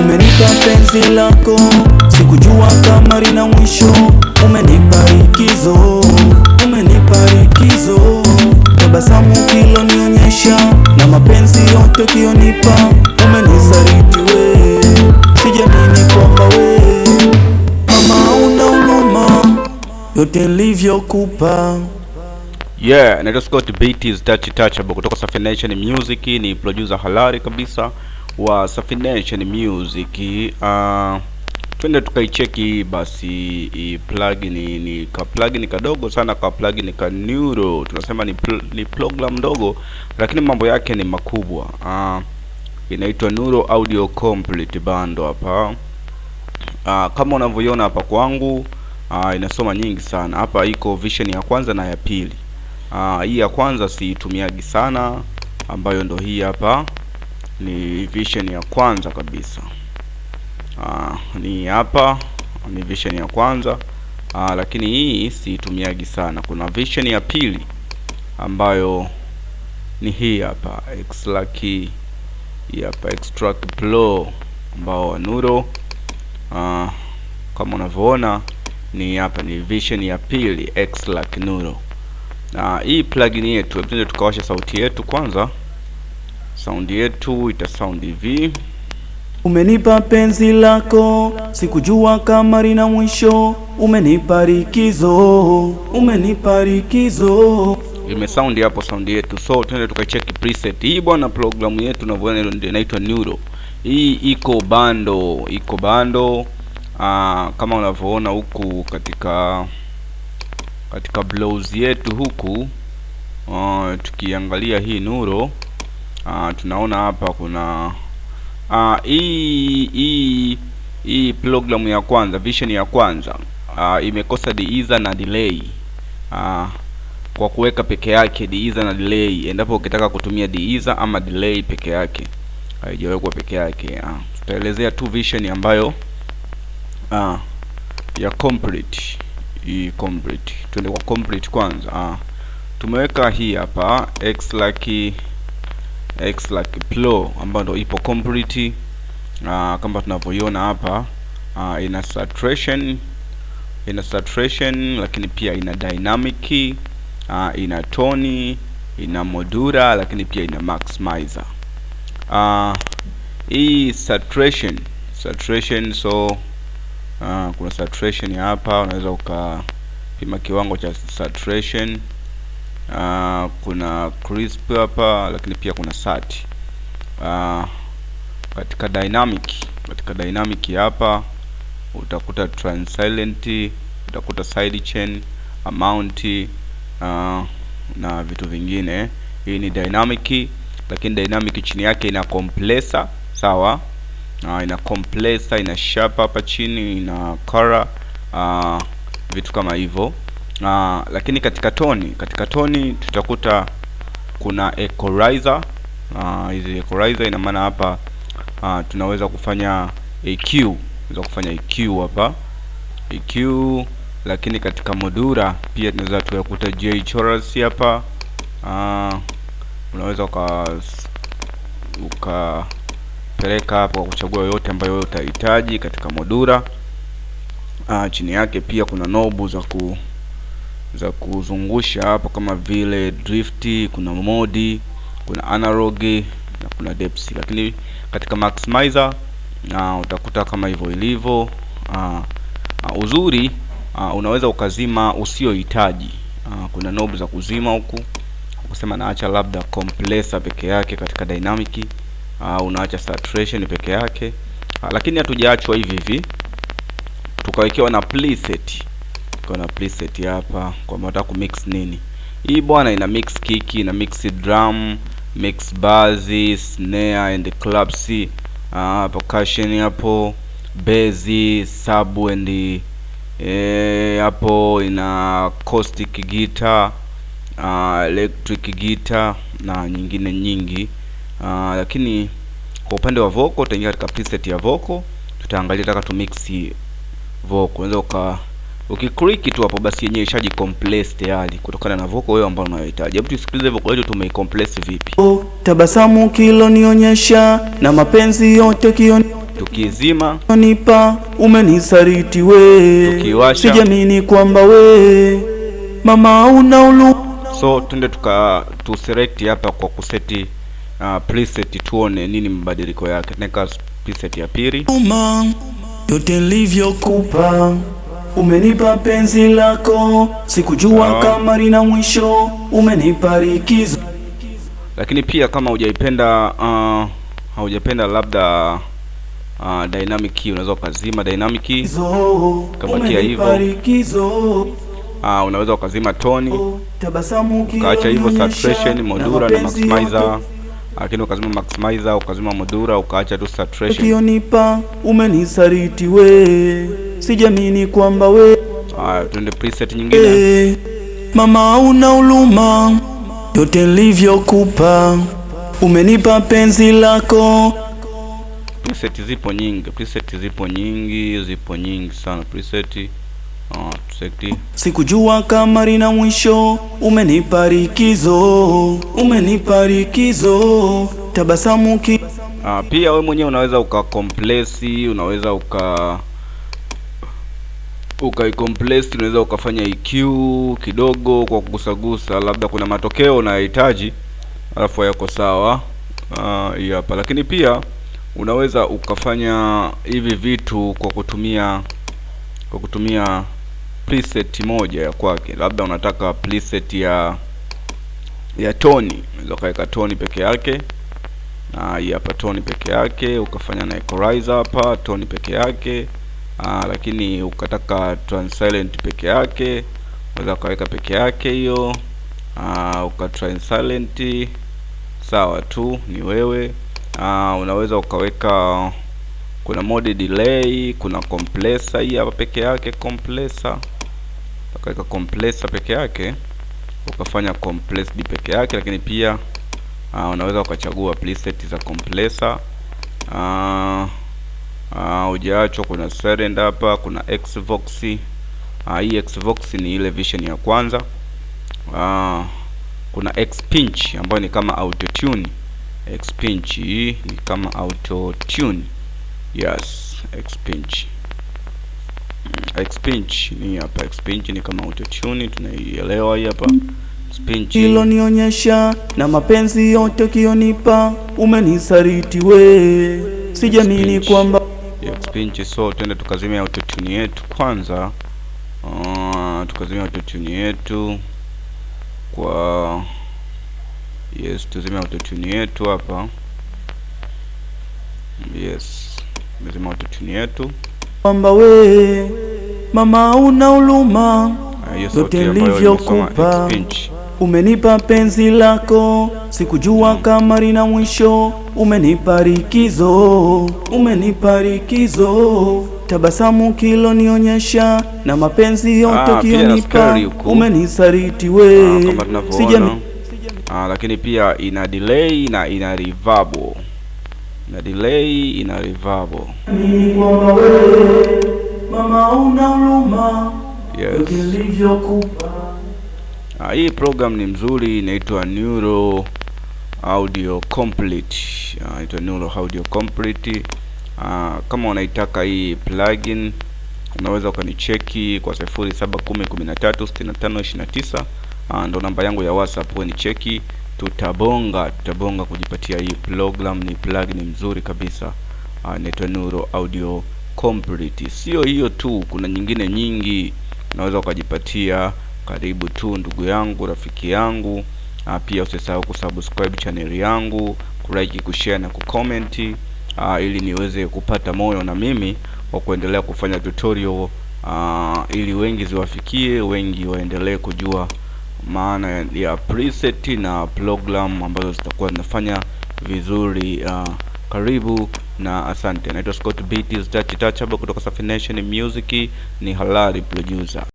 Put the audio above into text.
Umenipa penzi lako, sikujua kama lina mwisho. Umenipa ikizo, umenipa ikizo, tabasamu kilonionyesha na mapenzi yote kionipa. Umenisaliti we, sijamini kwamba we mama una unoma yote nilivyokupa Yeah, naitwa Scott Beatz Touch Touchable kutoka Safi Nation Music, ni producer halali kabisa wa Safi Nation Music. Uh, twende tukaicheki basi i plugin ni ka plugin kadogo sana ka plugin ka Neuro, tunasema ni, pl ni program ndogo lakini mambo yake ni makubwa. Uh, inaitwa Neuro Audio Complete Bando hapa. Uh, kama unavyoiona hapa kwangu uh, inasoma nyingi sana hapa, iko vision ya kwanza na ya pili. Uh, hii ya kwanza siitumiagi sana ambayo ndo hii hapa ni vision ya kwanza kabisa. Aa, ah, ni hapa ni vision ya kwanza aa, ah, lakini hii siitumiagi sana. Kuna vision ya pili ambayo ni hii hapa extract, hii hapa extract blow ambao wanuro ah, kama unavyoona ni hapa ni vision ya pili extract nuro. na hii plugin yetu ndio tukawasha sauti yetu kwanza. Saundi yetu sound hivi. Umenipa penzi lako, sikujua kama lina mwisho, umenipa likizo, umenipa likizo. sound hapo sound yetu, so twende tukacheki preset hii bwana. Programu yetu unavyoona inaitwa Neuro. Hii iko bando, iko bando aa, ah, kama unavyoona huku katika katika blouse yetu huku aa, ah, tukiangalia hii Neuro uh, tunaona hapa kuna ah, hii uh, hii hii program ya kwanza vision ya kwanza uh, imekosa deesser na delay uh, kwa kuweka peke yake deesser na delay, endapo ukitaka kutumia deesser ama delay peke yake haijawekwa peke yake uh, tutaelezea tu vision ambayo uh, ya complete hii complete, tuende kwa complete kwanza uh, tumeweka hii hapa x laki x like flow ambayo ndio ipo complete uh, kama tunavyoiona hapa uh, ina saturation ina saturation, lakini pia ina dynamic uh, ina tone ina modura, lakini pia ina maximizer uh, hii saturation saturation, so uh, kuna saturation hapa, unaweza ukapima kiwango cha saturation uh, kuna crisp hapa, lakini pia kuna sat uh, ah, katika dynamic katika dynamic hapa utakuta transient, utakuta sidechain amount uh, na vitu vingine. Hii ni dynamic, lakini dynamic chini yake ina compressor sawa. Uh, ina compressor ina sharp hapa chini ina color uh, vitu kama hivyo. Aa, lakini katika toni katika toni tutakuta kuna equalizer. Hizi equalizer ina maana hapa tunaweza kufanya EQ, tunaweza kufanya EQ hapa EQ, lakini katika modura pia tunaweza tukakuta J chorus hapa. Unaweza ukapeleka hapa kwa kuchagua yoyote ambayo wewe utahitaji katika modura. Aa, chini yake pia kuna nobu za ku za kuzungusha hapo kama vile drift, kuna modi, kuna analog na kuna depth. Lakini katika maximizer na utakuta kama hivyo ilivyo. Ah, ah, uzuri aa, ah, unaweza ukazima usiohitaji. Kuna knob za kuzima huku, kusema naacha labda compressor peke yake katika dynamic, unaacha saturation peke yake, lakini hatujaachwa hivi hivi, tukawekewa na preset tukiwa na preset hapa kwa maana kumix nini. Hii bwana ina mix kick, ina mix drum, mix bass, snare and claps, ah, percussion hapo, bass, sub and eh, hapo ina acoustic guitar, uh, electric guitar na nyingine nyingi. Uh, lakini kwa upande wa vocal tutaingia katika preset ya vocal, tutaangalia taka tu mix vocal. Unaweza Ukiklik tu hapo basi yenyewe ishaji compress tayari kutokana na vocal wewe ambayo unayohitaji. Hebu tusikilize vocal yetu tumeicompress vipi. Oh, tabasamu kilo nionyesha na mapenzi yote kioni tukizima nipa umenisaliti we tukiwasha sijamini kwamba we mama una ulu. So twende tuka tu select hapa kwa kuseti uh, preset tuone nini mabadiliko yake. Neka preset ya pili yote nilivyokupa Umenipa penzi lako sikujua kama lina mwisho, umenipa likizo. Lakini pia kama hujaipenda uh, haujapenda labda uh, dynamic hii unaweza ukazima dynamic hii kama hivyo uh, unaweza ukazima toni, oh, ukaacha hivyo saturation, modula na maximizer lakini ukazima maximizer ukazima modura ukaacha tu saturation. Ukionipa umenisaliti we, sijamini kwamba we. Haya, tuende preset nyingine. Hey, eh, mama una uluma yote nilivyokupa, umenipa penzi lako. Preset zipo nyingi, preset zipo nyingi, zipo nyingi sana preset Sikujua kama lina mwisho, umeniparikizo umeniparikizo tabasamu ki... Ah, pia we mwenyewe unaweza ukakomplesi, unaweza uka ukaikomplesi, unaweza ukafanya EQ kidogo kwa kugusagusa, labda kuna matokeo unayohitaji alafu hayako sawa ah, hii hapa lakini pia unaweza ukafanya hivi vitu kwa kutumia kwa kutumia preset moja ya kwake, labda unataka preset ya ya toni, unaweza ukaweka toni peke yake, na hii hapa toni peke yake, ukafanya na equalizer hapa toni peke yake. Aa, ah, lakini ukataka transient peke yake, unaweza ukaweka peke yake hiyo, ah, uka transient sawa tu, ni wewe. Aa, ah, unaweza ukaweka kuna mode delay, kuna compressor hii hapa peke yake compressor ukaweka compressor peke yake ukafanya compressed peke yake, lakini pia uh, unaweza ukachagua preset za compressor uh, ah, uh, ah, ujaachwa kuna serend hapa, kuna Xvox uh, hii Xvox ni ile vision ya kwanza uh, kuna Xpinch ambayo ni kama auto tune. Xpinch hii ni kama auto tune, yes Xpinch XP ni hapa. XP ni kama auto tune, tunaielewa hii hapa. nionyesha na mapenzi yote ukionipa, umenisariti we, sijamini kwamba pinch. So twende tukazimia auto tune yetu kwanza. Uh, tukazimia auto tune yetu kwa yes, tuzime auto tune yetu hapa. Yes, tuzime auto tune yetu kwamba we Mama una huruma, ah, yote nilivyokupa umenipa penzi lako, sikujua mm. kama lina mwisho. Umenipa likizo, umenipa likizo, tabasamu kilo nionyesha na mapenzi yote ah, kionipa. Umenisaliti we ah, sijani Ah, lakini pia ina delay na ina reverb, ina delay, ina reverb mama, una uluma yes. Ilivyokupa ah, hii program ni mzuri, inaitwa Neuro Audio Complete, ah, inaitwa Neuro Audio Complete. Ah, kama unaitaka hii plugin unaweza ukanicheki kwa sifuri saba kumi kumi na tano ishirini tisa ah, ndo namba yangu ya WhatsApp, ni cheki, tutabonga tutabonga kujipatia hii program. Ni plugin mzuri kabisa, ah, inaitwa Neuro Audio Complete complete. Sio hiyo tu, kuna nyingine nyingi unaweza ukajipatia. Karibu tu ndugu yangu, rafiki yangu. Ah, pia usisahau kusubscribe channel yangu, kulike, kushare na kucomment ah, ili niweze kupata moyo na mimi wa kuendelea kufanya tutorial Uh, ili wengi ziwafikie, wengi waendelee kujua maana ya preset na program ambazo zitakuwa zinafanya vizuri uh, karibu na asante. Naitwa Scott Beat, is Touch touchable kutoka Safination Music, ni halali producer.